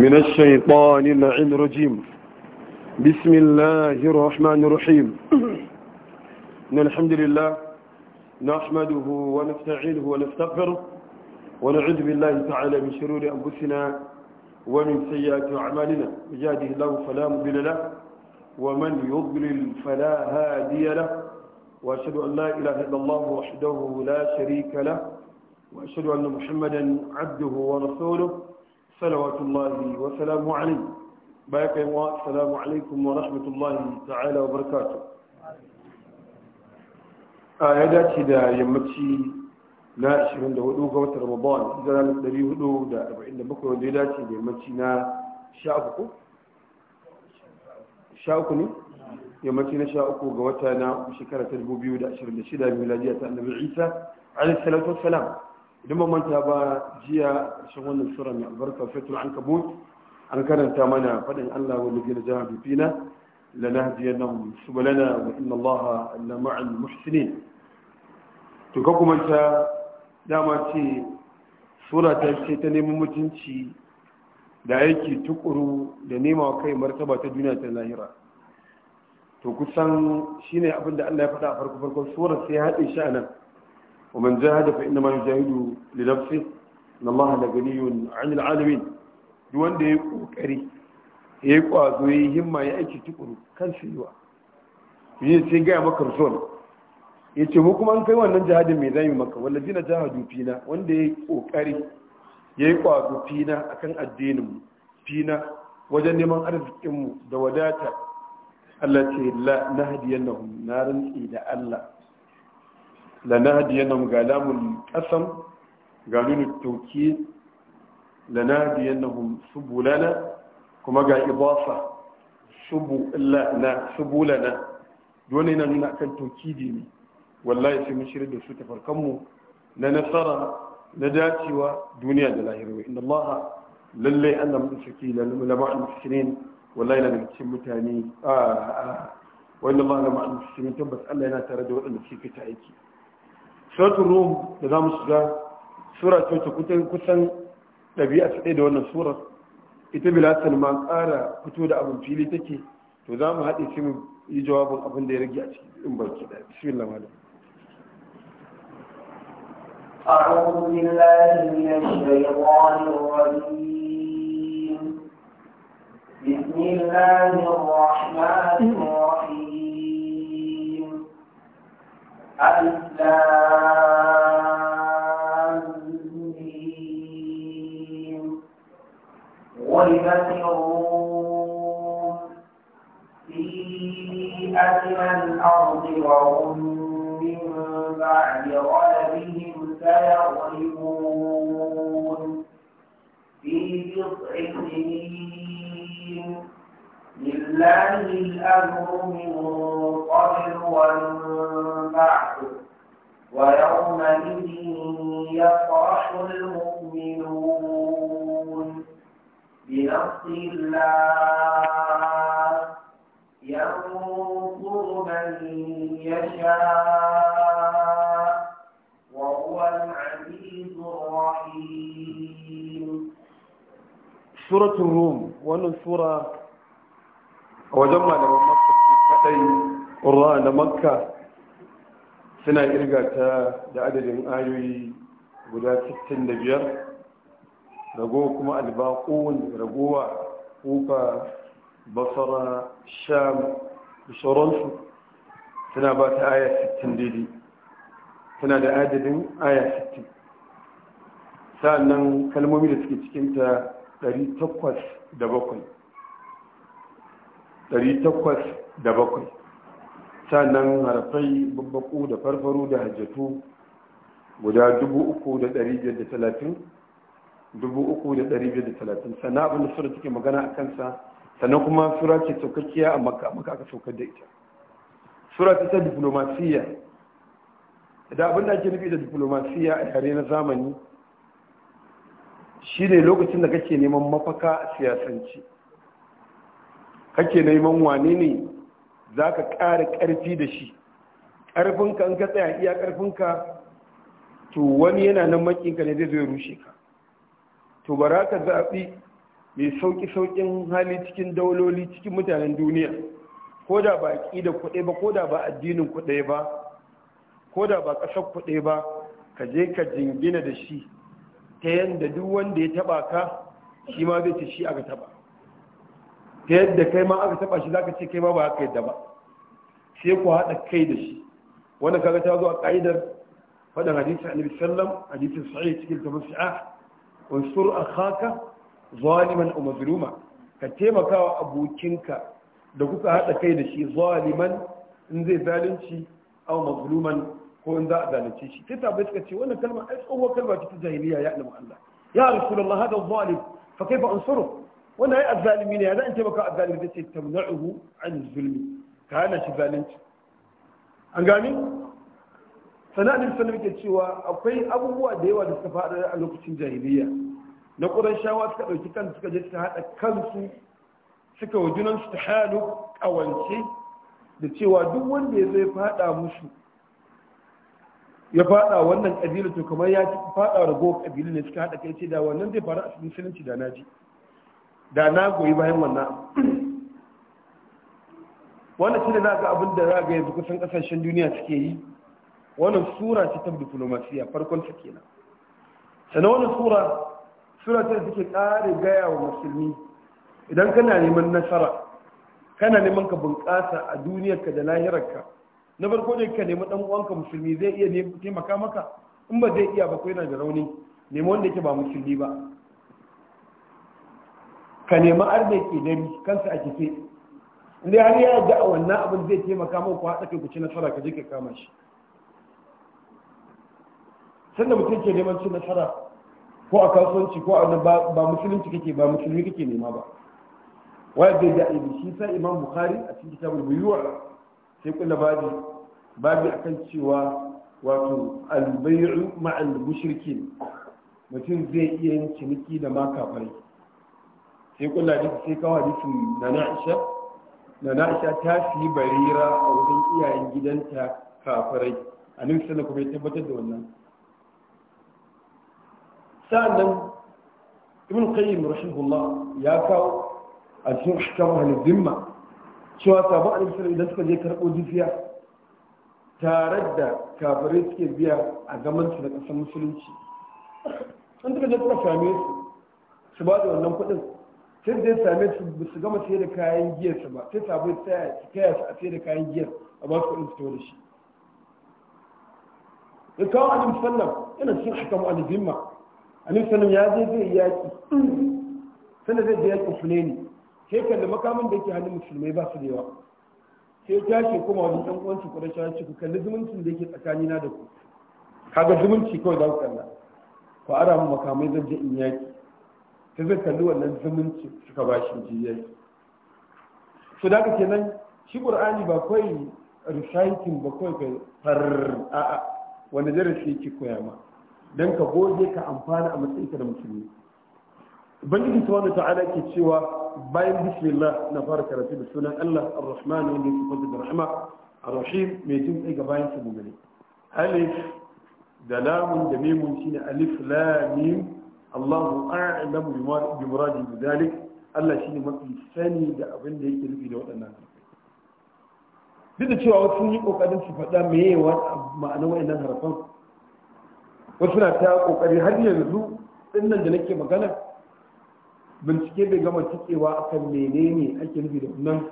من الشيطان اللعين الرجيم بسم الله الرحمن الرحيم إن الحمد لله نحمده ونستعينه ونستغفره ونعوذ بالله تعالى من شرور أنفسنا ومن سيئات أعمالنا يهده الله فلا مضل له ومن يضلل فلا هادي له وأشهد أن لا إله إلا الله وحده لا شريك له وأشهد أن محمدا عبده ورسوله salawatullahi wa salamu alaihi baya kai wa salamu alaikum wa rahmatullahi ta'ala wa barkatu. a ya dace da yammaci na 24 ga watan ramadan hijira na 447 wanda ya dace da yammaci na 13 13 ne yammaci na 13 ga wata na shekara ta 2026 miladiya ta annabi isa alaihi salatu wassalam idan ba manta ba jiya cikin wannan sura mai albarka Fetur, an kabut an karanta mana faɗin Allah wa lujina jaha bifina lanahdiyannahum subulana wa inna Allah la muhsinin to ka kuma ta dama ce sura ta ce ta neman mutunci da aiki tukuru da nema kai martaba ta duniya ta lahira to kusan shine abin da Allah ya faɗa a farko farkon surar sai ya haɗe shi a nan ومن جاهد فإنما يجاهد لنفسه إن الله لغني عن العالمين duwan da ya kokari ya yi kwazo ya yi himma ya aiki tukuru kan su yiwa yi sai gaya maka rasul ya ce mu kuma an kai wannan jihadin mai zami maka wallazi na jihadu fina wanda ya yi kokari ya yi kwazo fina akan addinin mu fina wajen neman arzikinmu da wadata Allah ce la na hadiyannahum na rantsi da Allah lanadi ga alamun kasan ga nuni tauki lanadi yanahu subulana kuma ga ibasa subulana duwane yana nuna kan tauki dini wallahi sai mun shirya da ta farkonmu na nasara na dacewa duniya da lahirwa inda lallai an namun suke lalama'an musulmin wallahi na cikin mutane a wani lalama'an musulmin tabbas Allah yana tare da waɗanda suke ta aiki suratun rum da za mu shiga sura ce ta kusan ɗabi'a su ɗaya da wannan surar ita bilasan ma ƙara fito da abin fili take to za mu haɗe shi mu yi jawabin abin da ya rage a cikin baki da bismillah malam أعوذ بالله من الشيطان الرجيم بسم الله الرحمن الرحيم في الأرض وهم من بعد غلبهم سيغلبون في بضع سنين لله الأمر من قبل ومن ويومئذ يفرح المؤمنون بنصر الله ينصر من يشاء وهو العزيز الرحيم سورة الروم وأن سورة وجمع لهم مكة الرأى مكة suna irga ta da adadin ayoyi guda 65 rago kuma albaqun ragowa kufa basara sham da sauransu suna ba ta aya 60 daidai suna da adadin aya 60 sa'annan kalmomi da suke cikinta 807 807 sannan harafai babbaku da farfaru da hajjatu guda da talatin, sannan abin da sura take magana a kansa sannan kuma sura ce saukakkiya a maka maka aka saukar da ita sura ta ta diplomasiya da abin da ake nufi da diplomasiya a yare na zamani shi ne lokacin da kake neman mafaka a siyasanci kake neman wane ne za ka ƙara ƙarfi da shi ƙarfinka in ka tsaya iya ƙarfinka to wani yana nan makinka ne zai zai rushe ka to bara ka zaɓi mai sauƙi-sauƙin hali cikin dauloli cikin mutanen duniya ko da ba ƙi da kuɗe ba ko da ba addinin kuɗe ba ko da ba ƙasar kuɗe ba ka je ka jingina da shi ta yadda duk wanda ya taɓa ka shi ma zai ce shi aka taɓa ta yadda kai ma aka taba shi ka ce kai ma ba ka yadda ba sai ku haɗa kai da shi wannan kaga ta zo a ka'idar faɗin hadisi annabi sallam hadisin sahih cikin tafsi'a unsur akhaka zaliman aw mazluma ka taimakawa abokinka da kuka haɗa kai da shi zaliman in zai zalunci aw mazluman ko in za a zalunce shi sai tabbai suka ce wannan kalma ai tsohuwar kalma ta jahiliya ya annabi Allah ya rasulullah hada zalim fa kaifa unsuru wannan ya azalimi ne ya zan taimaka azalimi da ce tamna'uhu an zulmi ka hana shi zalunci an gani sana'a ne sanar ke cewa akwai abubuwa da yawa da suka faɗa a lokacin jahiliya na ƙuran shawa suka ɗauki kan suka je suka haɗa kansu suka wa su ta halu ƙawance da cewa duk wanda ya zai faɗa musu ya faɗa wannan ƙabila to kamar ya faɗa rago ƙabilu ne suka haɗa kai ce da wannan zai faru a musulunci da naji da na goyi bayan wannan wannan shi ne na ga abin da za ga yanzu kusan kasashen duniya suke yi wannan sura ce ta diplomasiya farkon ta nan sannan wannan sura sura da suke ƙare gaya wa musulmi idan kana neman nasara kana neman ka bunƙasa a duniyarka da lahirarka na farko ne ka nemi ɗan uwanka musulmi zai iya taimaka maka in ba zai iya ba na da rauni nemi wanda yake ba musulmi ba ka nemi arziki dare kansa a kife inda har ya da a wannan abin zai taimaka mai ku haɗa kai ku ci nasara ka je ka kama shi sanda mutum ke neman ci nasara ko a kasuwanci ko a ba musulunci kake ba musulmi kake nema ba wayar da da ibi shi sa imam bukari a cikin kitabul buyuwa sai kula babi babi kan cewa wato albayu ma'al mushirki mutum zai iya yin ciniki da ma sai kula da sai kawo hadisin na na'isha na na'isha ta fi barira a wajen iyayen gidanta kafirai a nan sanar kuma ya tabbatar da wannan sa'annan ibn qayyim rahimahullah ya kawo a cikin shikamu halin zimma cewa sabon alaihi salam idan suka je karɓo dufiya. tare da kafirai suke biya a zaman su da ƙasar musulunci an suka je suka same su su ba da wannan kuɗin sai da ya same su ba su gama sai da kayan giyarsa ba sai sabo ta kaya su a sai da kayan giyar a ba su kuɗin su da shi da kawo alim sallam yana cikin hakamu alibimma alim sallam ya zai zai yaƙi sannan zai je yaƙi fulani sai kalli makamin da yake hannun musulmai ba su da yawa sai ta ce kuma wajen ɗan uwansu ku rashin ci ku kalli zumuncin da yake tsakanina da ku kaga zumunci kawai za ku kalla ku ara mu makamai zan je in yaƙi sai zai kalli wannan zumunci suka ba shi jiya su da ke nan shi ƙur'ani ba kawai reciting ba kawai ka farar a'a wanda darasi yake koya ma Dan ka goge ka amfana a matsayinka da musulmi ubangiji ta ta'ala ke cewa bayan bismillah na fara karatu da sunan allah ar-rahman wanda ya sifanta ar-rahim mai jin tsaye ga bayan su mumini alif da lamun da memun shine alif lamim Allahu a'lamu bi muradi bi zalik Allah mafi sani da abin da yake nufi da waɗannan duk da cewa wasu yi ƙoƙarin su faɗa meye ma'anar wayannan harafan wasu na ta ƙoƙari har yanzu nan da nake magana bincike bai gama cikewa kan menene ake nufi da wannan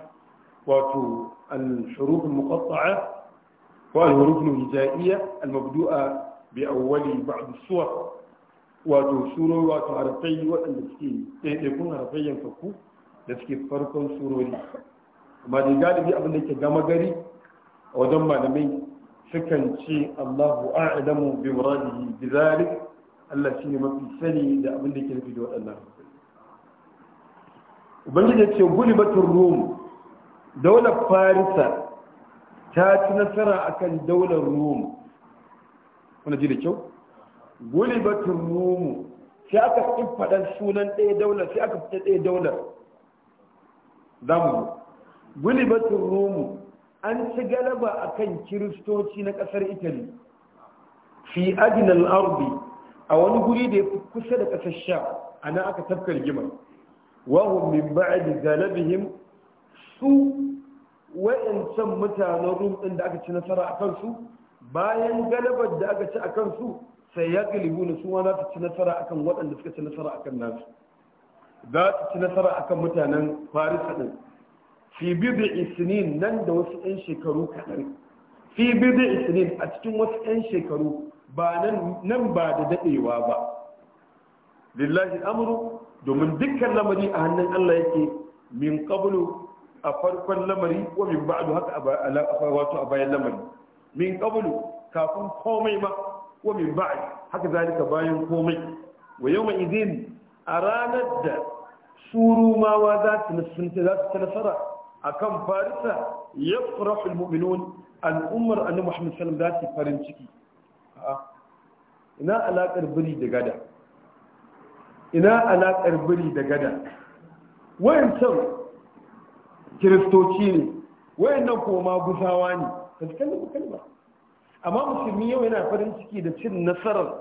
wato al-shuruf al-muqatta'a wa al-huruf al al-mabdu'a bi awwali ba'd as-suwar wato suro wato harafai waɗanda suke ɗaiɗaikun harafai ku da suke farkon surori amma da galibi abin da ke gama gari a wajen malamai sukan ce Allahu a'lamu bi muradihi bi zalik Allah ne mafi sani da abin da ke nufi da waɗannan ubangiji ya ce batun rum daular farisa ta ci nasara akan daular rum kuna ji da kyau gulibatun rumu sai aka faɗar sunan ɗaya daular sai aka fita ɗaya daular zamu gulibatun rumu an ci galaba a kan kiristoci na ƙasar italy fi adinal arbi a wani guri da ya fi kusa da ƙasar sha a nan aka tafka rigima wahun min ba'adi galabihim su wa'yancan mutanen rum ɗin da aka ci nasara a kansu bayan galabar da aka ci a kansu sai ya galibu na suma za ta ci nasara akan waɗanda suka ci nasara akan nasu za ta ci nasara akan mutanen faris din fi bid'i isnin nan da wasu 'yan shekaru kaɗan fi bid'i isnin a cikin wasu 'yan shekaru ba nan ba da daɗewa ba lillahi amru domin dukkan lamari a hannun Allah yake min qablu a farkon lamari ko min ba'du haka a a bayan lamari min qablu kafin komai ma wa min ba'd haka zalika bayan komai wa yawma idin a ranar da surumawa za su nasanta ta nasara akan farisa yafrahu almu'minun al'ummar annabi Muhammad sallallahu alaihi wasallam farin ciki ina alakar biri da gada ina alakar biri da gada ne ne amma musulmi yau yana farin ciki da cin nasarar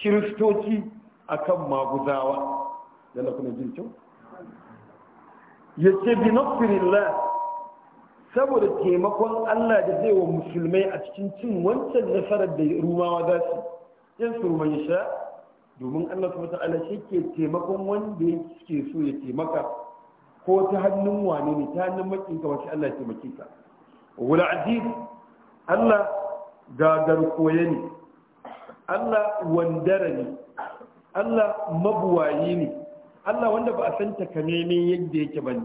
kiristoci kan maguzawa yana kuna jin kyau ya ce bi saboda taimakon Allah da zai wa musulmai a cikin cin wancan nasarar da rumawa za su yin surman sha domin Allah su ta'ala ala ke taimakon wanda ya ke so ya taimaka ko ta hannun wane ne ta hannun makinka wasu Allah ya taimake ka wala aziz Allah gagar koye ne Allah wandara ne Allah mabuwayi ne Allah wanda ba a san takamaimin yadda yake ba ne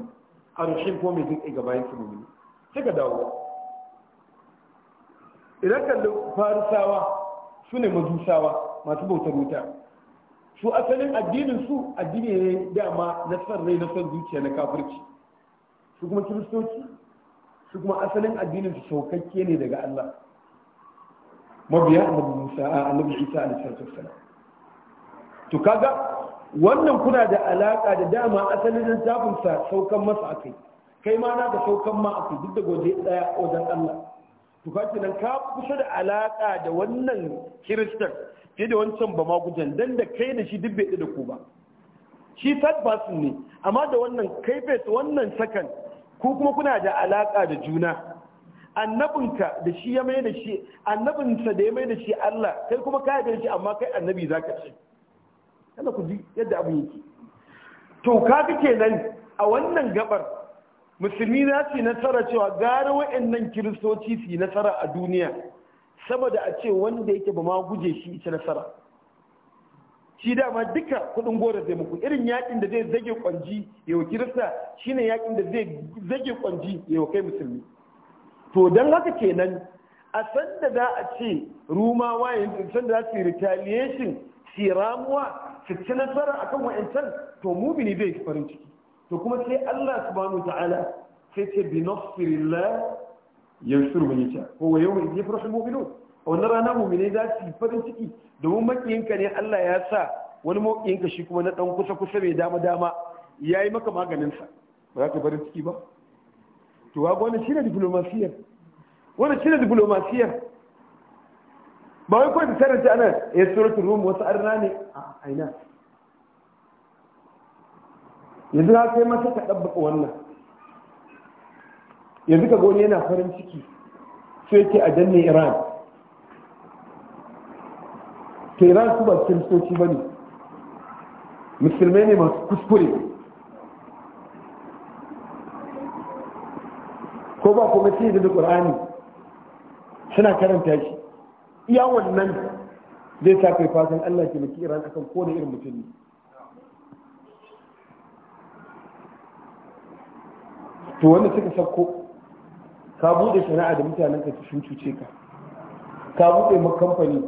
a rushin ko mai zuƙi gaba yake mu sai ka dawo idan kalli farisawa su ne majusawa masu bautar wuta su asalin addinin su addini ne dama na san rai na san zuciya na kafirci su kuma kiristoci su kuma asalin addinin su saukakke ne daga Allah mabiya annabi Musa annabi Isa alaihi wasallam to kaga wannan kuna da alaka da dama asalin littafin sa saukan masa akai kai ma na ka saukan ma akai duk da goje daya wajen Allah to kace nan ka kusa da alaka da wannan kiristan fiye da wancan ba ma gujan dan da kai da shi duk bai da ku ba shi third person ne amma da wannan kai bai wannan sakan ku kuma kuna da alaka da juna annabinka da shi ya mai da shi annabinsa da ya mai da shi Allah kai kuma ka yarda shi amma kai annabi ka ce kana ku ji yadda abin yake to kaga kenan a wannan gabar musulmi na yi nasara cewa gara wa'annan kiristoci su yi nasara a duniya saboda a ce wanda yake ba ma guje shi ita nasara shi dama duka kudin gora zai muku irin yakin da zai zage kwanji yau kirista shine yakin da zai zage kwanji yau kai musulmi to don haka kenan a sanda za a ce rumawa yanzu sanda za su yi retaliation su ramuwa su ci nasara akan wa'ancan to mumini zai farin ciki to kuma sai Allah subhanahu ta'ala sai ce bi nasirillah yansur mun yace ko wa yawma idh yafrahu mu'minun a wannan rana mu'mine za su yi farin ciki domin makiyinka ne Allah ya sa wani makiyinka shi kuma na dan kusa kusa mai dama dama yayi maka maganin sa ba za ka farin ciki ba to shi wannan shine diplomasiyar shi shine diplomasiyar ba wai kawai da ta ana ya eh, suratul rum wasu arna ne a aina yanzu ka kai masa ka dabbaka wannan yanzu ka goni yana farin ciki so yake a danne iran ta iran su ba kiristoci ba ne musulmai ne masu kuskure ko ba kuma sai da qur'ani suna karanta shi iya wannan zai sa kai fatan Allah ke maki iran akan ko da irin mutum ne to wanda suka sako ka bude sana'a da mutanen ka sun cuce ka ka bude ma kamfani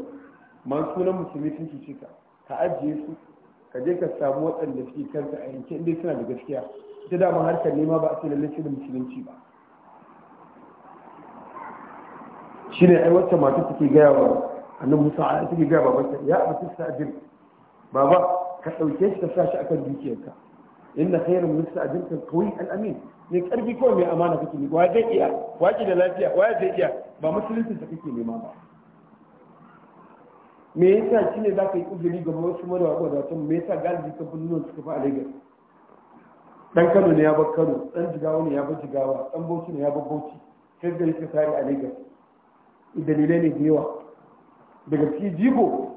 masu sunan musulmi sun cuce ka ka ajiye su ka je ka samu waɗanda suke karta a yanke inda suna da gaskiya ita dama harkar nema ba a ce lallai da musulunci ba shi ne ai mata suke gaya wa annan musa a suke gaya babansa ya abu sa'adin baba ka ɗauke shi ka sa shi akan dukiyarka inna khairun min sa'adin kan kawai al'amin ne karfi kawai mai amana kake ne wa zai iya wa ki da lafiya wa zai iya ba musulunci ta kake nema ba me yasa ne za ka yi uzuri ga wasu mara wa wadatun me yasa galibi ka fi nuna suka fi a lagos dan kano ne ya bar kano dan jigawa ne ya bar jigawa dan bauchi ne ya bar bauchi sai gari ka tare a lagos dalilai ne da yawa daga cikin jiko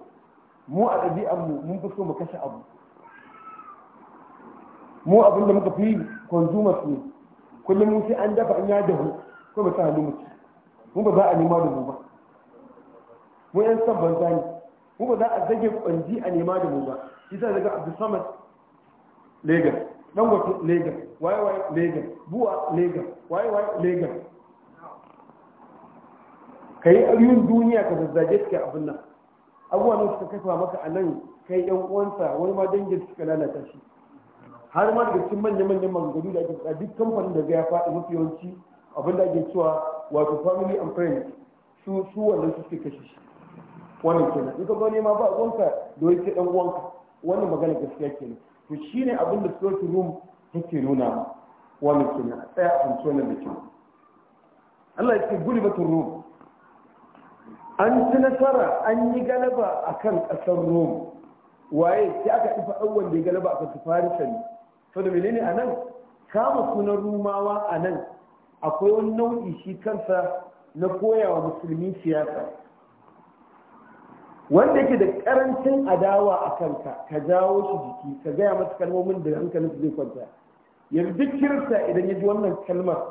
mu a ɗabi'anmu mun fi so mu kashe abu mu abin da muka fi consumers ne kullum mun sai an dafa an ya dahu ko mu sa mu ci mu ba za a nema da mu ba mu yan san banza ne mu ba za a zage kwanji a nema da mu ba isa daga abu samar lagos dangote lagos waye waye lagos buwa lagos waye waye lagos ka yi aryun duniya ka zazzage suke abin nan abuwa ne suka kafa maka a nan kai yan uwansa wani ma dangin suka lalata shi har ma daga cikin manya-manyan maganganu da ake faɗa duk kamfanin da ya faɗi mafi yawanci abin da ake cewa wato family and friends su su wannan su suke kashe shi wannan kenan in ka ne ma ba uwansa da wani ke dan uwanka wannan magana gaskiya kenan to shine abin da Suratu room take nuna wannan kenan tsaya a fahimci wannan da kyau Allah ya ce gulibatul Rum an ci nasara an yi galaba a kan ƙasar rom waye sai aka ɗifa ɗauwan wanda ya galaba a kasu farisa ne to da menene a nan kama sunan rumawa a nan akwai wani nau'i shi kansa na koyawa musulmi siyasa wanda yake da karancin adawa a kanka ka jawo shi jiki ka gaya masa kalmomin da hankalin su zai kwanta yanzu duk kirista idan ya ji wannan kalmar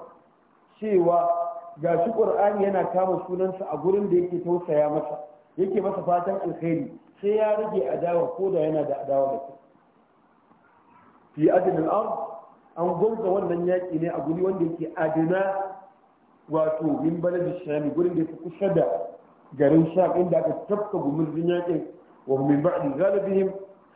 cewa ga shi ƙur'ani yana kama sunansa a gurin da yake tausaya masa yake masa fatan alkhairi sai ya rage adawa ko da yana da adawa da kai fi adnil an gonga wannan yaki ne a guri wanda yake adina wato min baladi shami gurin da yake kusa da garin sham inda aka tafka gumurzin yakin wa min ba'di ghalabihim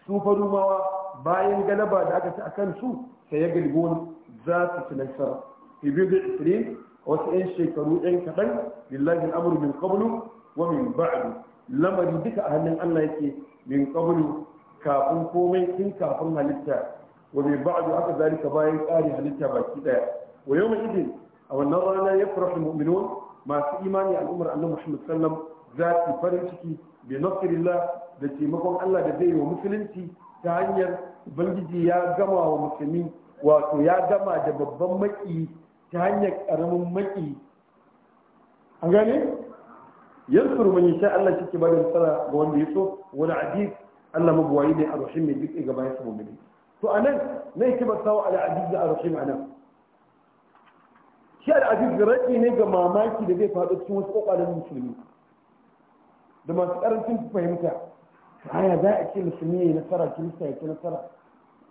su farumawa bayan galaba da aka ci akan su sai ya wani za su ci nasara fi biyu wasu 'yan shekaru 'yan kaɗan lillahi al'amuru min qablu wa min ba'du lamari duka a hannun Allah yake min qablu kafin komai tun kafin halitta wa min ba'du aka zalika bayan ƙari halitta baki ɗaya wa yawma idin a wannan rana ya farahu mu'minun masu imani al'ummar Allah Muhammad sallam za su farin ciki bi nasrillah da taimakon Allah da zai yi wa musulunci ta hanyar ubangiji ya gama wa musulmi wato ya gama da babban maki ta hanyar karamin maki an gane yanzu rumun insha Allah shi ke ba da nasara ga wanda ya so wani aziz Allah mabuwayi ne a rashin mai duk gaba, ya samu ne to a nan na yake ba sawa ala aziz da a rashin a nan shi ala aziz raƙi ne ga mamaki da zai faɗo cikin wasu ƙwaƙwalen musulmi da masu ƙarancin fahimta ya za a ce musulmi ya yi nasara kirista ya ci nasara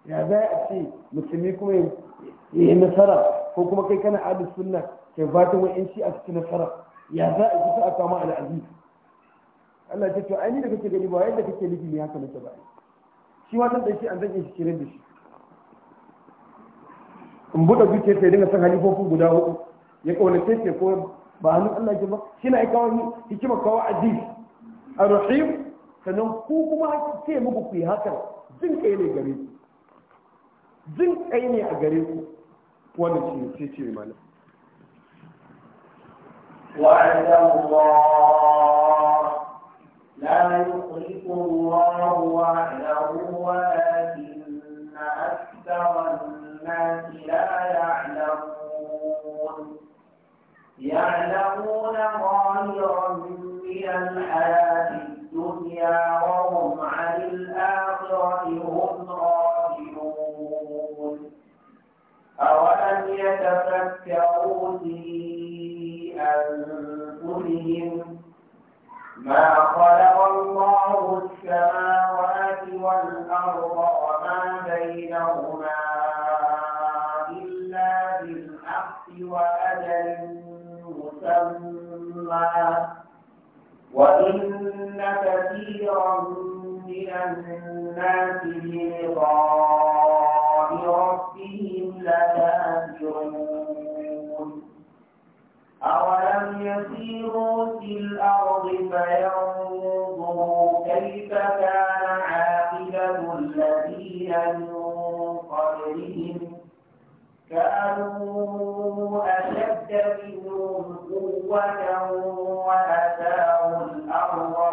ya za a ce musulmi kuma ya yi nasara ko kuma kai kana ahlus sunna kai fatan wa'in shi a cikin nasara ya za a kusa a kama al'aziz Allah ya ce ai ni da kake gani ba yadda kake nufi ne haka nake ba shi wannan dai shi an zan shi kiran da shi in buɗe zuciya sai dinga san halifofin guda hudu ya kaunace ce ko ba hannun Allah ke ba shi na kawo hikima kawo aziz ar-rahim sannan ku kuma ce muku ku yi hakan jin kai ne gare ku jin kai ne a gare ku wannan shi ce malam وعد الله لا يخلف الله وعده ولكن أكثر الناس لا يعلمون يعلمون ظاهرا من الحياة الدنيا وهم يتفكروا في أنفسهم ما خلق الله السماوات والأرض وما بينهما إلا بالحق وأجل مسمى وإن كثيرا من الناس بلقاء ربهم لكافرون خيرا أولم يسيروا في الأرض فينظروا كيف كان عاقبة الذين من قبلهم كانوا أشد منهم قوة وأتاهم الأرض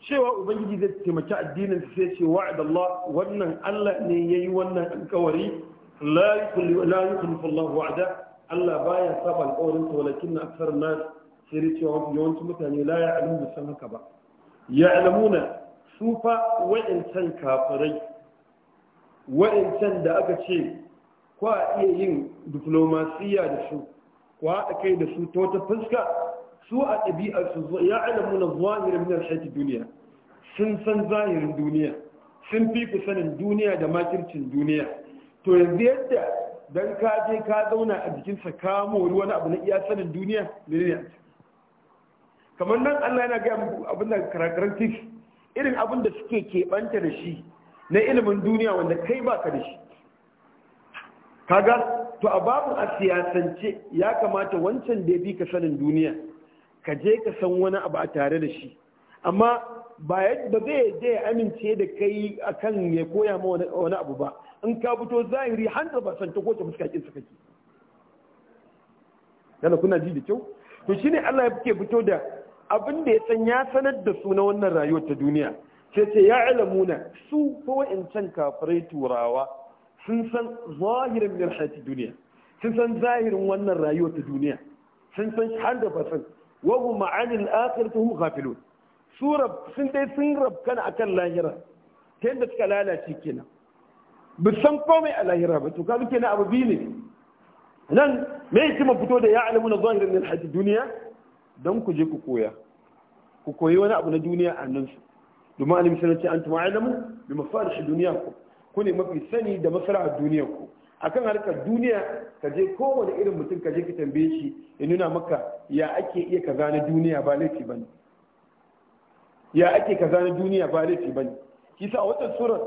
cewa ubangiji zai taimaki addinin su sai ce wa'ad Allah wannan Allah ne yayi wannan alƙawari la yi Allah wa'ada Allah baya saba alƙawarin sa walakin aksar na sai cewa yawancin mutane la ya'lamu bi san haka ba ya'lamuna su fa wa'incan kafirai wa'incan da aka ce kwa iya yin diplomasiya da su Wa kai da su ta fuska su a dabi'ar su ya alamu na zahirin min alhayati duniya sun san zahirin duniya sun fi ku sanin duniya da makircin duniya to yanzu yadda dan ka je ka zauna a jikinsa ka mori wani abu na iya sanin duniya ne kamar nan Allah yana gaya abin da karakarar irin abin da suke keɓanta da shi na ilimin duniya wanda kai baka da shi kaga to a babu a siyasance ya kamata wancan da ya bi ka sanin duniya ka je ka san wani abu a tare da shi amma ba zai je ya amince da kai akan ya koya ma wani abu ba in ka fito zahiri 100% ta kowace ta kin saka ki yana kuna ji da kyau to shine Allah yake fito da abin da ya san ya sanar da su na wannan rayuwar ta duniya sai ce ya ilamuna su ko in can kafirai turawa sun san zahirin min hayati duniya sun san zahirin wannan rayuwar ta duniya sun san da percent wa hum ma'anil akhirati hum ghafilun su sun dai sun rabkana akan lahira ta yadda suka lalace kenan ba san komai a lahira ba to kaga kenan abu biyu ne nan me yake mu fito da ya alimu na zahirin min hayati duniya dan ku je ku koya ku koyi wani abu na duniya a nan su domin alim sanar ce an tuma alamu bi mafarshi duniya ku ku ne mafi sani da a duniyar ku akan harkar duniya ka je kowane irin mutum ka je ka tambaye shi ya nuna maka ya ake iya ka na duniya ba laifi bane ya ake ka na duniya ba laifi bane kisa a wata ya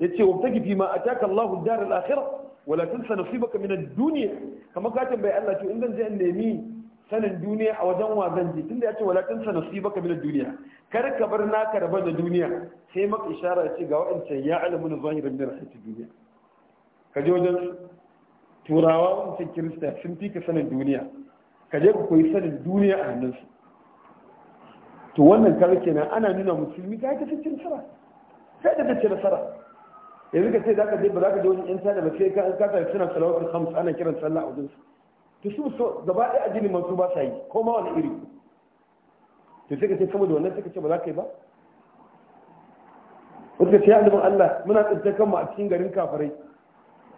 yace wa tagifi ma ataka Allahu dar al-akhirah wala tansa nasibaka min ad duniya. kama ka tambaye Allah to in zan je in nemi sanin duniya a wajen wazan ji tunda ya ce wala tun sana su baka milar duniya kar ka bar naka raba da duniya sai maka ishara ce ga wa'ancan ya alamu zahirin zahira min rahati duniya ka je wajen turawa wancan kirista sun fi ka sanin duniya ka je ku koyi sanin duniya a hannunsu to wannan kar kenan ana nuna musulmi ka ta cikin nasara sai da fice nasara yanzu ka ce za ka je ba za ka je wajen yan sada ba sai ka an kasa suna salawatul khams ana kiran sallah a wajensu to su so gaba ɗaya addinin man su ba sa yi ko ma wani iri to sai ka ce saboda wannan sai ka ce ba za ka yi ba wata ce ya Allah muna tsintar kanmu a cikin garin kafirai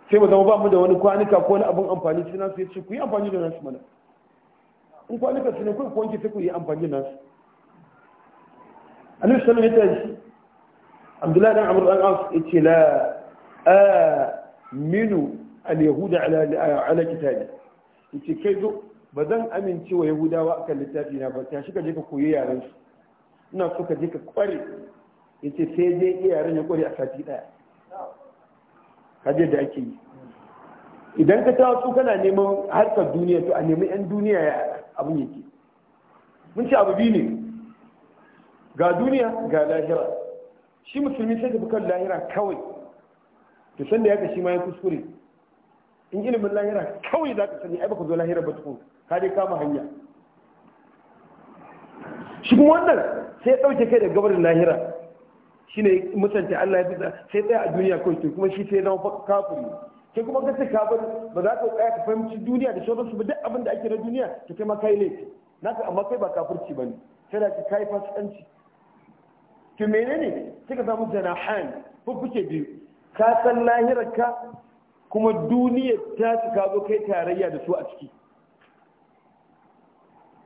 sai mu zama ba mu da wani kwanuka ko wani abin amfani sai nasu ya ce ku yi amfani da nasu mana in kwanuka su ne ku wanke sai ku yi amfani da nasu annabi sallallahu alaihi wasallam ya ce Abdullahi dan Amr dan As yace la aminu al-yahud ala ala kitabi yace kai zo ba zan amince wa yahudawa akan littafi na ba shi ka je ka koyi yaren su ina so ka je ka kware yace sai je yaren ya kware a sati daya kaje da ake yi idan ka wasu kana neman harkar duniya to a neman yan duniya ya abin yake mun ce abu biyu ne ga duniya ga lahira shi musulmi sai fi kan lahira kawai to sanda ya ka shi ma ya kuskure in ilimin lahira kawai za ka sani ai baka zo lahira ba tukun ka dai kama hanya shi kuma wannan sai ya ɗauke kai da gabarin lahira shi ne musanta Allah ya fita sai tsaya a duniya kawai ke kuma shi sai zama kafiri ke kuma ka ce kafir ba za ka tsaya ka fahimci duniya da shauran su ba duk abin da ake na duniya to kai ma kai laifi ka amma kai ba kafirci ba ne sai da ka yi fasikanci to menene sai ka samu janahan ko kuke biyu ka san lahirar ka kuma duniyar ta su zo kai tarayya da su a ciki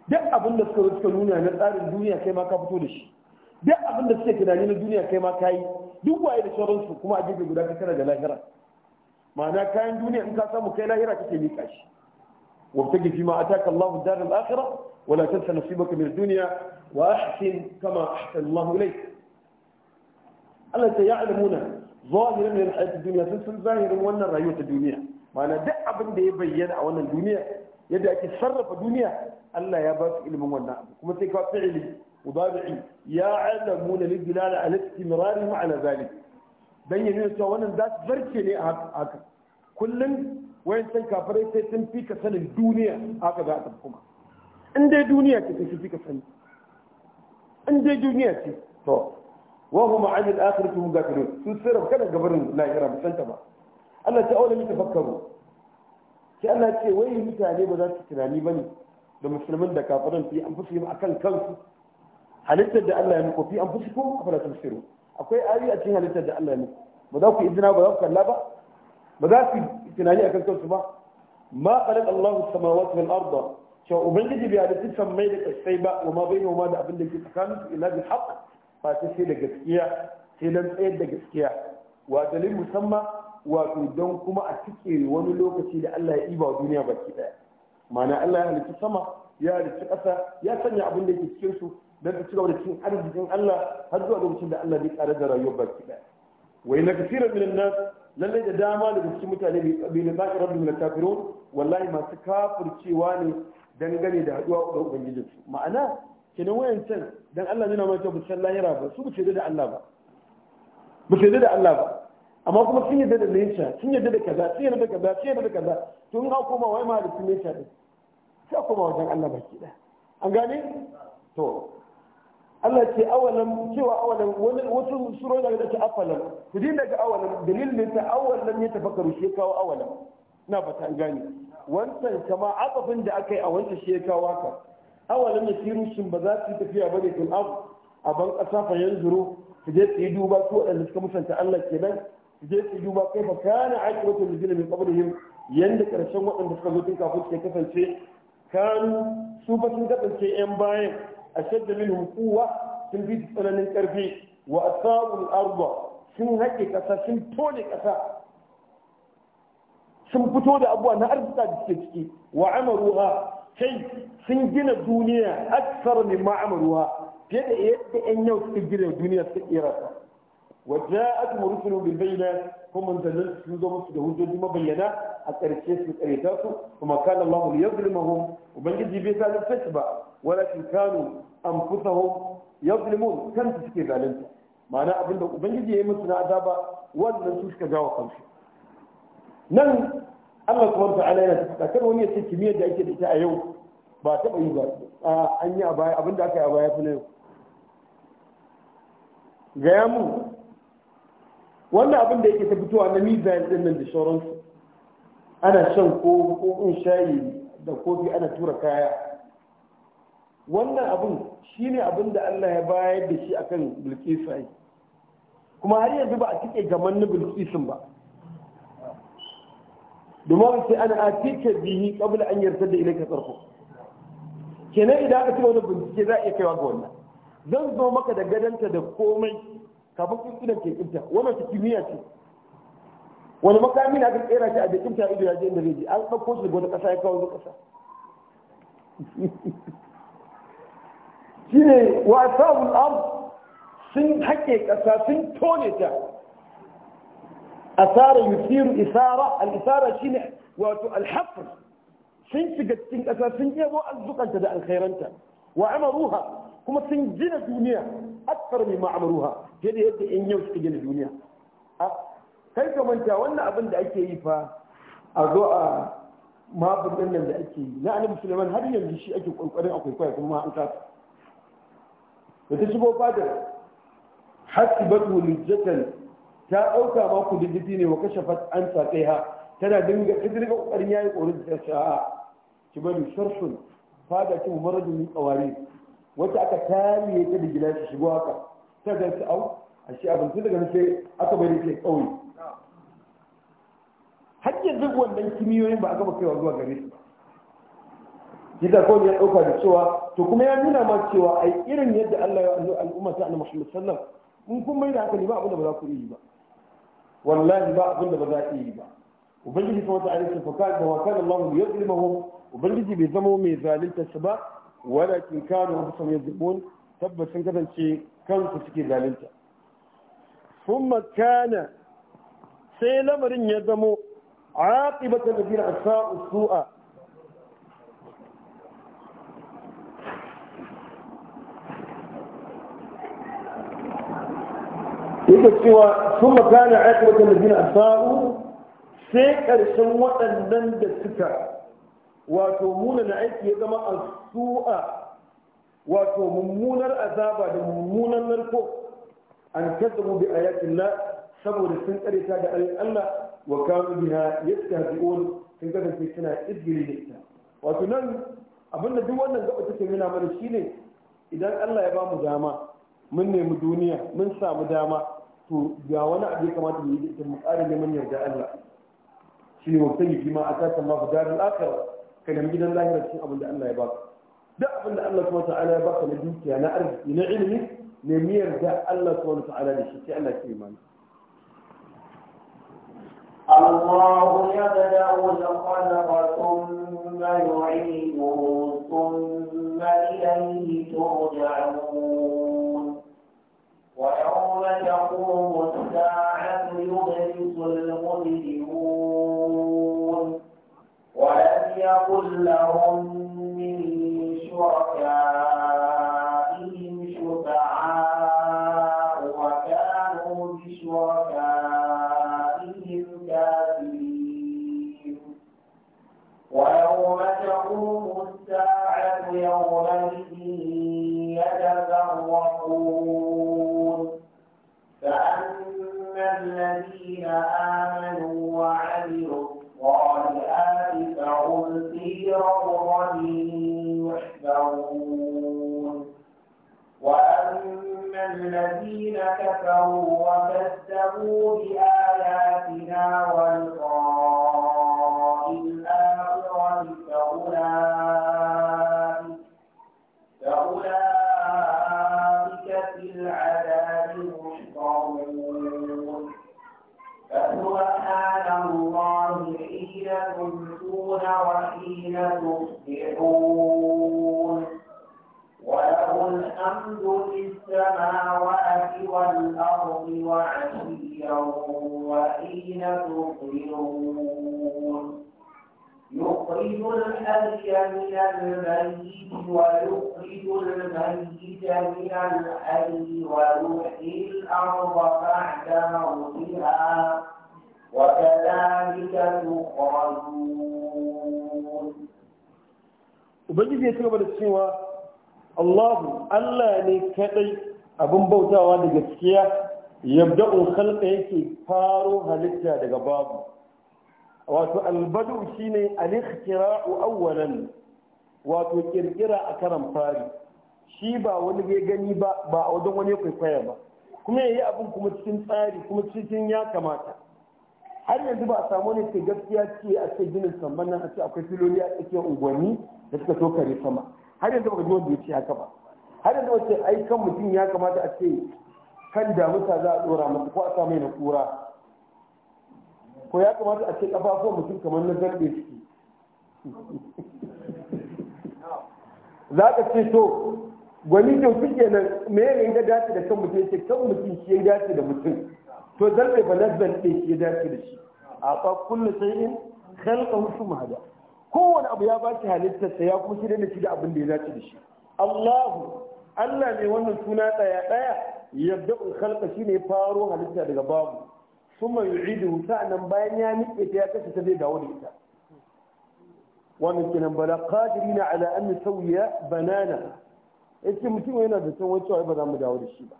duk abin da suka suka nuna na tsarin duniya kai ma ka fito da shi duk abin da suke tunani na duniya kai ma kayi, duk waye da sauransu kuma a gefe guda ka da lahira ma'ana kayan duniya in ka samu kai lahira kake miƙa shi وابتغ فيما اتاك الله الدار الاخره ولا تنس نصيبك Wa الدنيا kama كما احسن الله Allah الا يعلمون zahirin min hayati duniya sun sun zahirin wannan rayuwa ta duniya ma'ana duk abin da ya bayyana a wannan duniya yadda ake sarrafa duniya Allah ya ba su ilimin wannan abu kuma sai ka fi'ili mudabi'i ya alamuna lil bilal ala istimrari ma ala zalik dan yana cewa wannan za su barke ne a haka kullum wayan san kafirai sai sun fi ka sanin duniya haka za ta kuma in dai duniya ce sun fi ka sani in dai duniya ce to wa hum an al-akhirati hum ghafilun su sirra kada gabarin lahira musan ta ba Allah ta aure miki fakkaru sai Allah ce wai mutane ba za su tunani bane da musulmin da kafirin fi an fusi akan kansu halittar da Allah ya muku fi an fusi ko afala tafsiru akwai ayoyi a cikin halittar da Allah ya muku ba za ku izina ba za ku kalla ba ba za ku tunani akan kansu ba ma qala Allahu samawati wal arda cewa ubangiji bai halitta sammai da kasai ba wa ma bainahuma da abinda da ke tsakaninsu illa face sai da gaskiya sai don tsayar da gaskiya wa dalil musamman wato don kuma a cike wani lokaci da Allah ya iba wa duniya baki daya ma'ana Allah ya halitta sama ya halitta ƙasa ya sanya abin da yake cikin su don ta cigaba da cikin arzikin Allah har zuwa lokacin da Allah zai ƙara da rayuwar baki daya wai na kasirar minan nas lallai da dama daga cikin mutane bai na zaƙi rabbi na kafirun wallahi masu kafircewa ne dangane da haɗuwa ga ubangijinsu ma'ana kenan wayancan dan Allah nuna mai cewa san lahira ba su bace da Allah ba bace da Allah ba amma kuma sun yadda da nature sun yadda da kaza sun yadda da kaza sun yadda da kaza to in ka koma wai ma da nature din sai koma wajen Allah baki da an gane to Allah ce awalan cewa awalan wani wasu suro da ce afalan ku din daga awalan dalilin ne ta awalan ta fakaru shi kawo awalan na fata an gane wancan kama akafin da aka yi a wancan shi ya kawo haka awalan yasiru shin ba za su yi tafiya ba ne tun ard a ban ƙasa fa yanzuru su je su yi duba su waɗanda suka musanta Allah ke nan, su je su yi duba kai fa kana aqibatu mai min qablihim Yadda ƙarshen waɗanda suka zo tun kafin su kasance kanu su ba sun kasance yan bayan ashadda minhum quwwa sun bi tsananin ƙarfi wa asabul arda sun haƙe ƙasa sun tone ƙasa sun fito da abuwa na arzika da suke ciki wa amaruha sai sun gina duniya aksar min ma'amaluwa fiye da yadda yan yau suka gina duniya suka kera ta wajen aka mu rufinu bin bayyana kuma manzannin sun zo musu da hujjoji mabayyana a ƙarshe su tsare ta su kuma kana mahu ya zulma hu ubangiji bai zalunta su ba wala fi kanu an kusa hu ya zulmu kanta suke zalunta ma'ana abinda ubangiji ya yi masu na azaba wannan su suka jawo kansu nan Allah kuma ta yana ta kar wani ya ce kimiyyar da ake da ita a yau ba taɓa yi ba an yi a baya abin da aka yi a baya fi na yau gaya mun wannan abin da yake ta fitowa na mizan din nan da shauransu ana shan ko in shayi da kofi ana tura kaya wannan abin shine abin da Allah ya bayar da shi akan bilkisu kuma har yanzu ba a cike gaman na ba domin sai ana atika bihi kabla an da ilayka tsarko kenan idan aka cewa wani bincike za a iya kaiwa ga wannan zan zo maka da gadanta da komai kafin kirkiran ke kinta wannan ta kimiyya ce wani makami na aka tsera shi a da ta ido ya je inda zai an ɗauko shi daga wani ƙasa ya kawo ƙasa shi ne wa sabul ard sun haƙe ƙasa sun tone ta asara yusiru isara al-isara shine wato al sun shiga cikin ƙasa sun yabo azzukanta da alkhairanta wa amaruha kuma sun gina duniya akthar mimma amaruha yadda yadda in yau suka gina duniya kai ka manta wannan abin da ake yi fa a zo a mabin din nan da ake yi na annabi Sulaiman har yanzu shi ake kokarin akwai kwaya kuma an kasa da ta shigo fadar hasibatu lijjatan ta ɗauka ma ku digiti ne wa kashe fat an sa kai ha tana dinga ta dinga kokarin yayi da ta sha'a ki bari sharhun fada ki mumarrajin min qawari wata aka tariye ta da gilashi shigo haka ta ga ta au a shi abin tun daga sai aka bari ke kauye har duk wannan kimiyoyin ba a gaba kaiwa zuwa gare su ba yadda kawai ya ɗauka da cewa to kuma ya nuna ma cewa ai irin yadda Allah ya al'umma ta annabi Muhammad sallallahu alaihi wasallam in kun mai da haka ne ba abin da ba za ku yi ba wallahi ba abin da ba za a yi ba ubangiji ta wata alaihi fa kana wa kana Allah yuzlimuhum ubangiji bai zama mai zalunta su ba walakin kanu anfusahum yazlimun tabbacin kasance kansu suke zalunta thumma kana sai lamarin ya zamo aqibatan ladina asa'u su'a yake cewa sun makana aikata lafina a sa'u sai ƙarshen waɗannan da suka wato muna na aiki ya zama a su'a wato mummunar azaba da mummunan narko an kasa mu bi ayatin la saboda sun karita da ayin Allah wa kanu biha yastahzi'un sun kasance suna izgiri da ita wato nan abinda duk wannan gaba take nuna mana shine idan Allah ya ba mu dama mun nemi duniya mun samu dama to ga wani abu ya kamata mu yi da mu ƙara neman yarda Allah shi ne wasan yi ma a tasan ma fi darin akara ka nemi gidan lahira cikin abin da Allah ya baka duk abin da Allah subhanahu ta'ala ya baka na dukiya na arziki na ilimi ne miyar da Allah subhanahu ta'ala da shi sai Allah ke imani الله يبدأ الخلق ثم يعيده ثم إليه ترجعون تقوم الساعة يبلس المجرمون ولم يكن لهم من شركاء الذين كفروا وكذبوا بآياتنا والقرآن يخرج الحي من الميت ويخرج الميت من الحي ويحيي الارض بعد موتها وكذلك تخرجون وبجد يتوب للسوى الله ألا نكتب abin bautawa daga gaskiya yabda'un khalqa yake faro halitta daga babu wato albadu shine al-ikhtira'u awwalan wato kirkira a karan fari shi ba wani ya gani ba ba a wajen wani kwaikwaya ba kuma yayi abin kuma cikin tsari kuma cikin ya kamata har yanzu ba a samu ne ce gaskiya ce a ce ginin samban nan a ce akwai filoli a tsakiyar unguwanni da suka ne sama har yanzu ba ji wanda ya ce haka ba har yanzu ba ce ai kan mutum ya kamata a ce kan damuta za a dora masa ko a sa mai na kura ko ya kamata a ce kafafuwan mutum kamar na zarbe ciki za ka ce to gwani kyau ke nan me ya ga dace da kan mutum ce kan mutum shi ya dace da mutum to zarbe ba nazar ɗin shi ya dace da shi a ba kullu sai in khalqa musu mahada kowane abu ya ba shi halittarsa ya kuma shirya da shi da abin da ya dace da shi Allahu Allah ne wannan suna ɗaya ɗaya yadda in shi ne faro halitta daga babu kuma yu'idu sa'annan bayan ya miƙe ta ya kashe ta zai dawo da ita wannan kenan bala qadirina ala an nusawiya banana yace mutum yana da san wacce ba za mu dawo da shi ba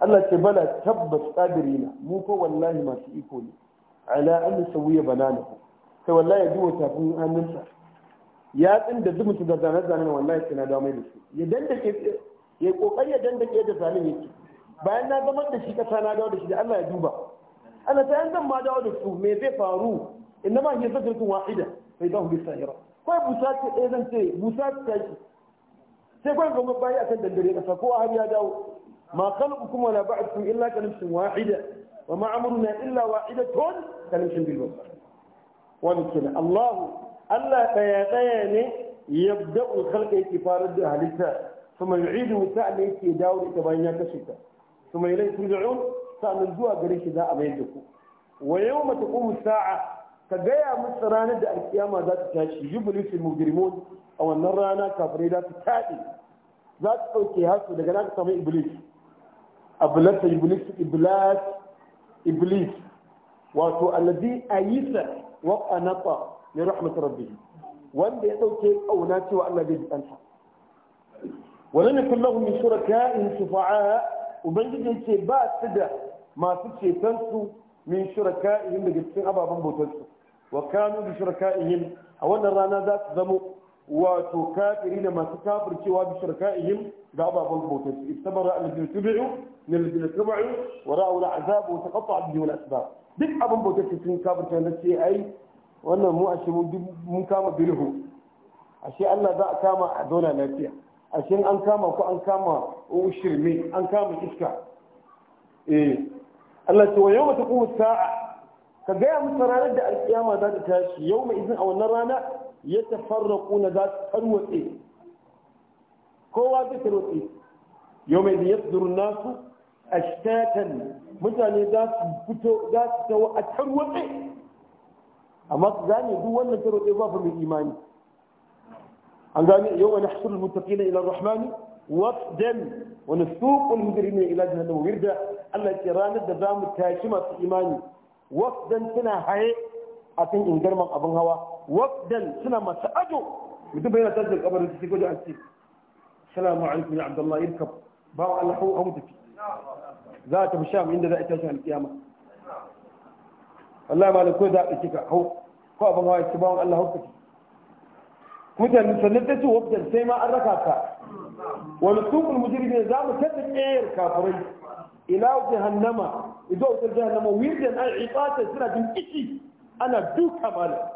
Allah ce bala tabbas qadirina mu ko wallahi masu iko ne ala an nusawiya banana Sai wallahi ya duwa tafin hannunsa ya tsin da zumunci da zane zanar wallahi kina na dawo mai da shi. ya dandake ya kokari ya dandake da zalimi bayan na zama da shi kasa na dawo da shi da Allah ya duba أنا تأذن ما جاءوا دفتوه ميزي فارو إنما هي زجرة واحدة فإذا هم بالسائرة كيف بسات إذا سي بسات سيش سيكون فهم بايع سيدن دريقة يا داو ما خلقكم ولا بعدكم إلا كنفس واحدة وما عمرنا إلا واحدة تون كنفس بالبصر ومثلا الله ألا فياتيني يبدأ الخلق إتفار الدرها لسا ثم يعيده سأل إتفار الدرها ثم إليه ترجعون sannan zuwa gare shi za a mayar da ku wa yau mata ƙumu sa'a ka gaya musu ranar da alkiyama za ta tashi yubilisi mujrimun a wannan rana kafirai za su za ɗauke hasu daga nan samu iblis abulasa iblis iblis iblis wato alladhi ayisa wa li rabbih wanda ya ɗauke ƙauna cewa Allah bai bi ɗanta ولم يكن ubangiji ce ba su da masu ceton su min shuraka'ihim daga cikin ababen bautar su wa kanu bi shuraka'ihim a wannan rana za su zamo wato kafiri da masu kafircewa bi shuraka'ihim ga ababen bautar su istabara alladhina tubi'u min alladhina tabu'u wa ra'u al'azab wa taqatta'a bihim wani asbab duk abin bautar su sun kafirce na ce ai wannan mu ashe mun kama bilhu ashe Allah za a kama a zauna lafiya a shin an kama ko an kama shirme an kama iska eh Allah ce wa yau mata kuma sa'a ka gaya musu ranar da alkiyama za ta tashi Yau mai idan a wannan rana ya kuna za su tarwatse kowa zai tarwatse mai idan yasduru nasu ashtatan mutane za su fito za su tawo a tarwatse amma su gane duk wannan tarwatse ba fa mai imani an gane yau wani hasul mutaqina ila rahmani wafdan wa nasuqu al-mujrimina ila jahannama wirda Allah ya ranar da zamu tashi masu imani wafdan suna haye a kan ingarman abin hawa wafdan suna masu ajo mutum bai na tashin kabarin su sai an ce salamu alaikum ya abdullahi irkab ba wa Allah hau an tafi za a tafi sham inda za a tashi alkiyama wallahi malam ko za a ɗauki ka hau ko abin hawa ya ce wa Allah ko tafi mutane sannan ta ce sai ma an raka ka wani tukul ne za mu tafi ƙeyar kafirai ila jahannama idan wutar jahannama wirdan an iqata suna jin kici ana duka malam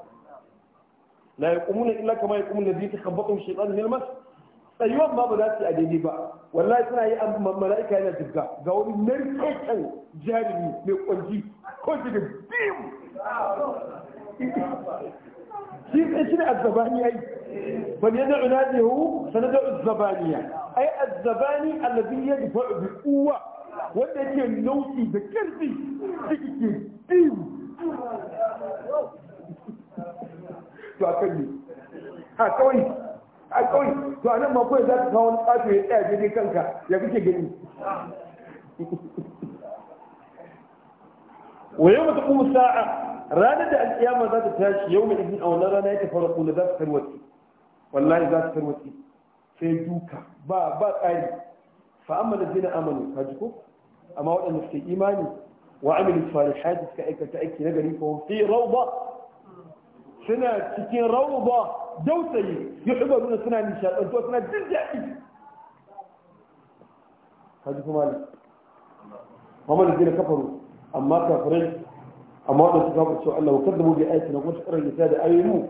la yaqumuna illa kama yaqumun ladhi takhabbatu shaytan min al-mas tsayuwan ba ba za su yi a daidai ba wallahi suna yi an mala'ika yana jirga ga wani narkakken jarumi mai kwanji ko shi biyu shi ne shi ne azzabani ai bal yadda unadihu sanada azzabaniya ai azzabani allazi yadfa'u bi quwwa wanda yake nauti da karfi yake tim to akan ne ha kawai a kawai to anan ma kawai za ka kawo wani tsafi ya tsaya daidai kanka ya kake gani wa yau mata kuma sa'a ranar da alƙiyama za ta tashi yau mai izin a wannan rana ya ta fara kula za su tarwatsi wallahi za su tarwatsi sai duka ba ba tsari fa amma da zina amanu ka ji ko amma waɗanda suke imani wa amilu salihati suka aikata aiki na gari ko fi rawda suna cikin rawda dautsayi nuna suna nishadantuwa suna jin daɗi ka ji kuma ne mamman da zina kafaru أما كفرين أما أصحاب سؤال لو كذبوا شكرا لسادة أي أيمو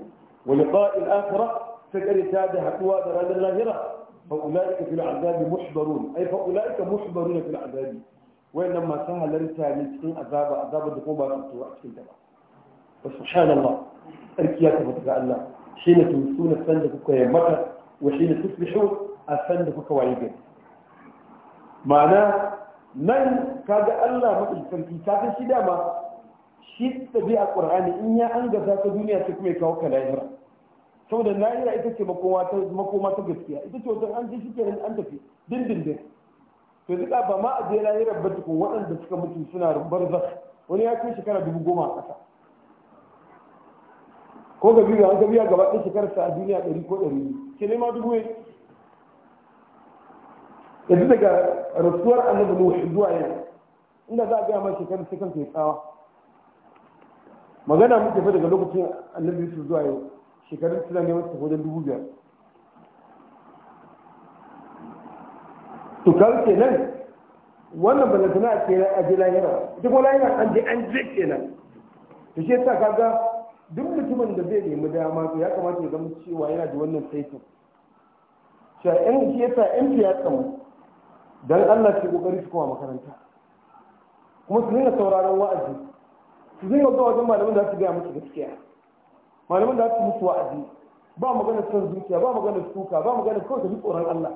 ولقاء الآخرة فكر رسالة هكوا درادة لاهرة فأولئك في العذاب محضرون أي فأولئك محضرون في العذاب وإنما سهل رسالة يتقين عذاب عذاب الدقوبة للطورة في الجبع بس سبحان الله أركياك فتفع الله حين تمسون فندقك يا وحين تصبحون فندقك وعيبين معناه nan kaga Allah madaukakin ta san shi dama shi a ƙur'ani in ya an gaza ta duniya sai kuma kawo ka lahira saboda lahira ita ce makoma ta gaskiya ita ce wajen an ji shi kenan an tafi dindindin to duka ba ma a je lahira ba tukun waɗanda suka mutu suna barzakh wani ya kai shekara dubu goma a ƙasa ko ga biyu ga biya gaba ɗaya sa a duniya ɗari ko ɗari ne ke nema dubu yanzu daga rasuwar annabi nuhu zuwa yanzu inda za a gaya mai shekaru sai kansa ya tsawa magana muke fa daga lokacin annabi yusuf zuwa yau shekarun suna neman su wajen dubu biyar to kawai kenan wannan ba zai a ce a je lahira duk wani lahira an je an je kenan to shi yasa kaga duk mutumin da zai nemi dama to ya kamata ya zama cewa yana da wannan saitin shi yasa yan fiya tsamu dan Allah ke kokari su koma makaranta kuma su dinga sauraron wa'azi su dinga zuwa wajen malamin da su gaya musu gaskiya malamin da su musu wa'azi ba magana son zuciya ba magana suka ba magana kawai da tsoron Allah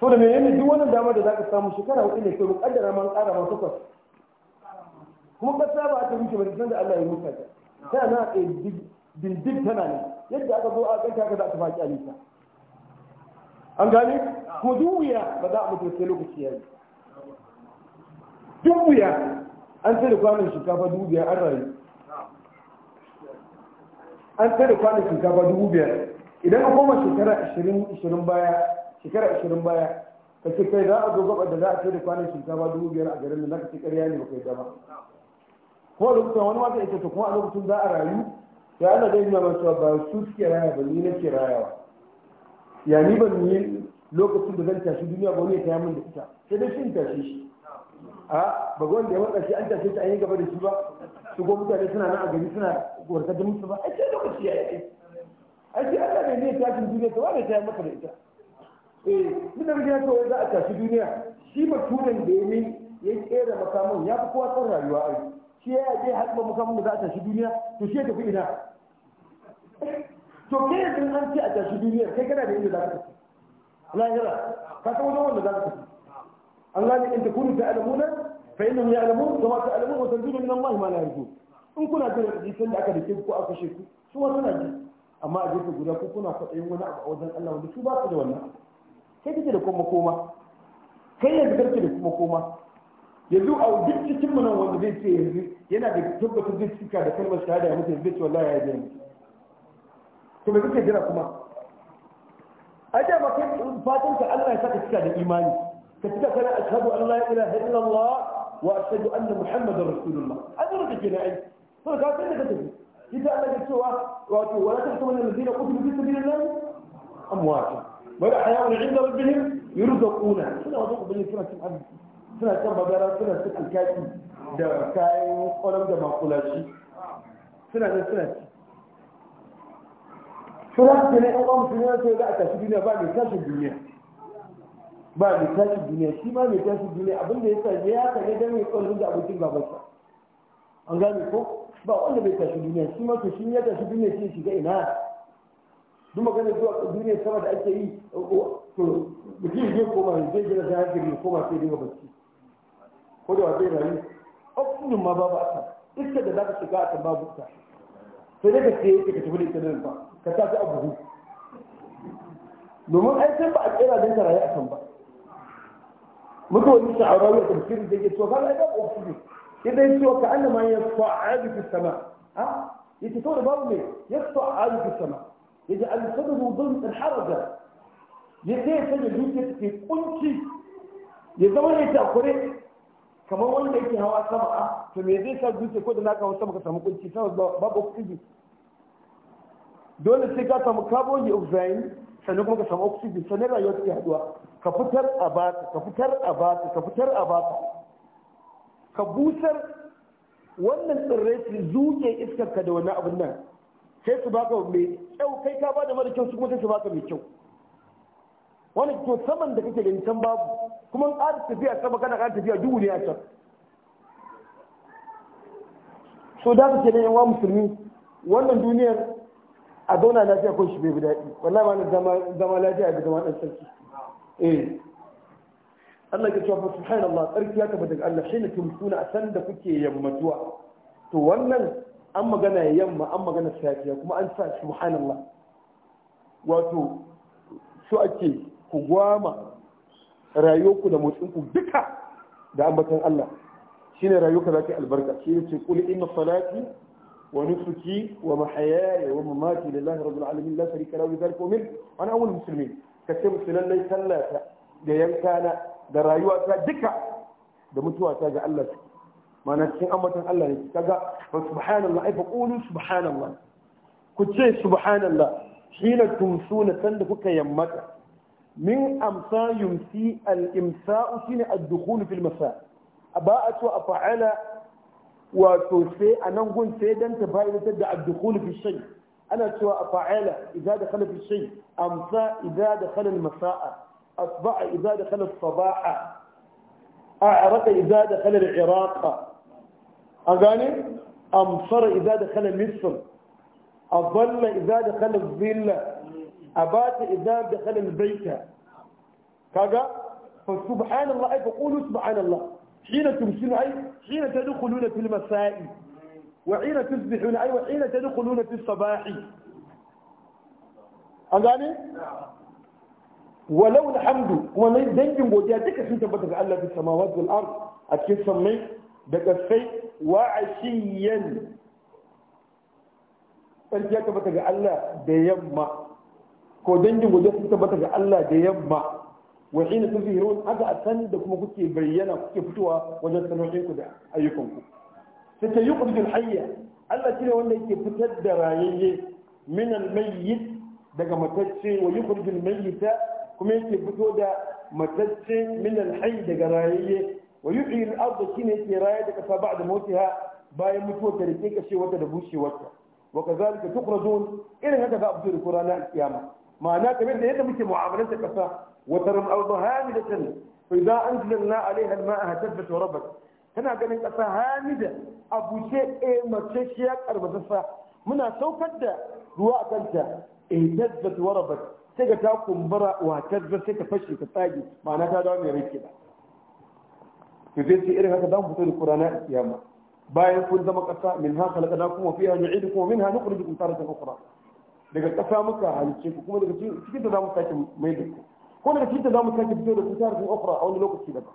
so da me yana duk wannan damar da zaka samu shekara hudu ne sai mu kaddara man ƙara man takwas kuma ta ba ta wuce ba da Allah ya muka ta ta na a eh, dindin tana ne yadda aka zo a ganta aka za ta faƙi alisa an gane ko duk wuya ba za a mutu sai lokaci ya yi duk wuya an tsaye kwanan shinkafa dubu biyar an rayu an tsaye kwanan shinkafa dubu biyar idan ka koma shekara ashirin ashirin baya shekara ashirin baya ka ce kai za a zo gaba da za a tsaye kwanan shinkafa dubu biyar a garin da za ka ci karya ne ba kai dama ko a lokacin wani wata ita kuma a lokacin za a rayu ya ana dai nuna masu ba su suke raya ba ni nake rayawa ya ni ban yi lokacin da zan tashi duniya ba wani ya taya min da ita sai dai shi in tashi shi a ba da ya wanda shi an tashi shi an yi gaba da shi ba su ko mutane suna nan a gari suna warkar da musu ba a ce lokaci ya yi a ce Allah ne ne tashin duniya ta wani taya maka da ita eh tunda mun ya za a tashi duniya shi tunan da ya min ya kera makamun ya fi kowa san rayuwa a yi shi ya je haɗa makamun da za a tashi duniya to shi ya tafi ina to kai yanzu an ce a tashi duniya kai kana da inda za ka tafi lahira ka san wajen wanda za ka tafi an gane in ta kunu ta'lamuna fa innahum ya'lamun kama ta'lamun wa tanzilu min Allah ma la yarjun in kuna da hadisin da aka dake ku aka sheku? su ma suna ji amma a jefa guda ku kuna yin wani abu a wajen Allah wanda su ba su da wannan kai kake da kuma koma kai yanzu kake da kuma koma yanzu a duk cikin mu nan wanda zai ce yanzu yana da tabbatar zai cika da kalmar shahada ya mutu zai ce wallahi ya yi to me kake jira kuma ai da maka fatan ka Allah ya saka cika da imani ka cika kana ashhadu an la ilaha illallah wa ashhadu anna muhammadar rasulullah azuru da kenan ai to ka san da ka tafi ita Allah ya cewa wato wala taktumu alladhina qutilu fi sabilillah amwat bal ahya'un 'inda rabbihim yurzaquna suna wato ubangiji suna cin arziki suna cin bagara suna cin alkaki da kayan kwalam da makulashi suna da suna cin. sunan ke ne ɗan mutum sunan sai za a tashi duniya ba mai tashin duniya ba mai tashin duniya shi ma mai tashin duniya abinda ya sa ya ka ne don mai ƙwarin da abokin babansa an gane ko ba wanda bai tashi duniya shi ma to shi ya tashi duniya shi shiga ina duk maganar zuwa duniya sama da ake yi to mutum zai koma zai gina da hankali ya koma sai dinga bacci ko da zai rayu oxygen ma babu a can iska da za ka shiga a kan babu ta sai daga sai ka tafi da ita nan ba ka tafi a buhu domin ai sai ba a kera don ta rayu a kan ba muka wani sha'arawa da tafsirin da ke cewa ka ga ba oxygen idan cewa ka annama ya fa'adu fi sama ha yace kawai babu ne ya fa'adu fi sama yaji an sadru dhulm al haraja yace ya sanya zuciya take kunci ya zama ne takure kamar wanda yake hawa sama a to me zai sa zuciya ko da naka hawa sama ka samu kunci saboda babu oxygen dole sai ka samu carbon dioxide sannan kuma ka samu oxygen sannan rayuwa take haduwa ka fitar a baka ka fitar a baka ka fitar a baka ka busar wannan tsirrai su zuke iskar ka da wannan abin nan sai su baka mai kyau kai ka bada mara kyau su kuma sai su baka mai kyau wani to saman da kake gani can babu kuma an ƙara tafiya sama kana ƙara tafiya duhu ne a can so da kake ne yawa musulmi wannan duniyar a zauna lafiya ko shi bai bi daɗi wallahi ma zama lafiya ga zama ɗan sarki eh Allah ya ce subhanallah sarki ya tabbata daga Allah shine tumtuna a san da kuke yammatuwa to wannan an magana yamma an magana safiya kuma an sa subhanallah wato su ake ku gwama rayuwarku da motsinku duka da ambaton Allah shine rayuwarka za ta albarka shi ne ce kul inna salati ونسكي ومحياي ومماتي لله رب العالمين لا شريك له بذلك ومن انا اول المسلمين kace musulun lai sallata da yankana da rayuwata duka da mutuwata ga Allah su mana cikin ambaton Allah ne kaga fa subhanallah ai fa qulu subhanallah ku ce subhanallah hina tumsuna sanda kuka yammata min amsa yumsi al imsa'u shine ad-dukhul fil masa ba a a af'ala wato sai a nan gun sai dan ta fa'idatar da addukul fi shay ana cewa a fa'ala idza dakhala fi shay amsa idza dakhala al-masa'a asba'a idza dakhala as sabaha a'raqa idza dakhala al-iraqa a gane amsara idza dakhala misr أظل إذا دخل الظل أبات إذا دخل البيت كذا فسبحان الله أي فقولوا سبحان الله حين ترسلون أي حين تدخلون في المساء وحين تصبحون أي وحين تدخلون في الصباح أنتاني؟ ولو الحمد هو دنجم بوديادك حين تبتغ الله في السماوات والأرض أكيد سمي بكفي وعشيا أنت يا تبتغ الله ديما كو دنجم بوديادك حين تبتغ الله ديما wa hina tuzhirun haka a san da kuma kuke bayyana kuke fitowa wajen sano'in ku da ayyukan ku sai ta hayya Allah shine wanda yake fitar da rayayye min al-mayyit daga matacce wa yuqrijul mayyita kuma yake fito da matacce minan al-hayy daga rayayye wa yuhyi al-ardh shine yake raye da kasa mota ha bayan mutuwar ta rike kashe wata da bushewarta wa kazalika tukhrajun irin haka za a fito da ku ranar kiyama ma'ana kamar da yadda muke mu'amalar da kasa وترى الأرض هامدة فإذا أنزلنا عليها الماء هتفت وربت هنا قال لك هامدة أبو شيء إيه ما تشيك أربع منها سوفت ده رواء قلت إيه تفت وربت سيجا تاكم برا وهتفت سيجا فشل كتاجي معناها تدعو من يريد كده فبيت إيه هكذا دعو بطول القرآن السيامة باية كل دمك أسا منها خلقناكم وفيها نعيدكم ومنها نخرجكم تارة أخرى لقد تفهمك هل تشيككم لقد تشيككم لقد تشيككم لقد تشيككم ko daga cikin za mu sake fito da cutar sun ofra a wani lokaci daban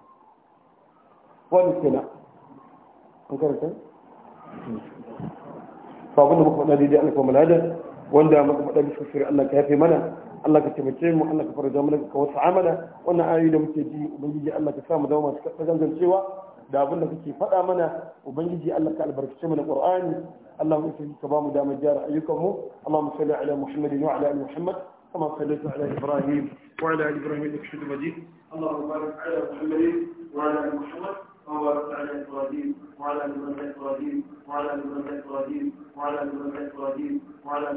wani kenan an karanta da muka faɗa daidai an kuma wanda muka faɗa bisa sirri Allah ka yafe mana Allah ka taimake mu Allah ka farja mana ka wasu wannan ayoyi da muke ji ubangiji Allah ka sa mu zama masu da abin da kake faɗa mana ubangiji Allah ka albarkace mana qur'ani Allah mu ka ba mu damar gyara ayyukan mu salli ala Muhammadin wa ala ali Muhammad كما صليت على إبراهيم وعلى آل إبراهيم إنك حميد مجيد اللهم بارك على محمد وعلى آل محمد وبارك على إبراهيم وعلى آل إبراهيم وعلى آل إبراهيم وعلى آل إبراهيم وعلى آل إبراهيم وعلى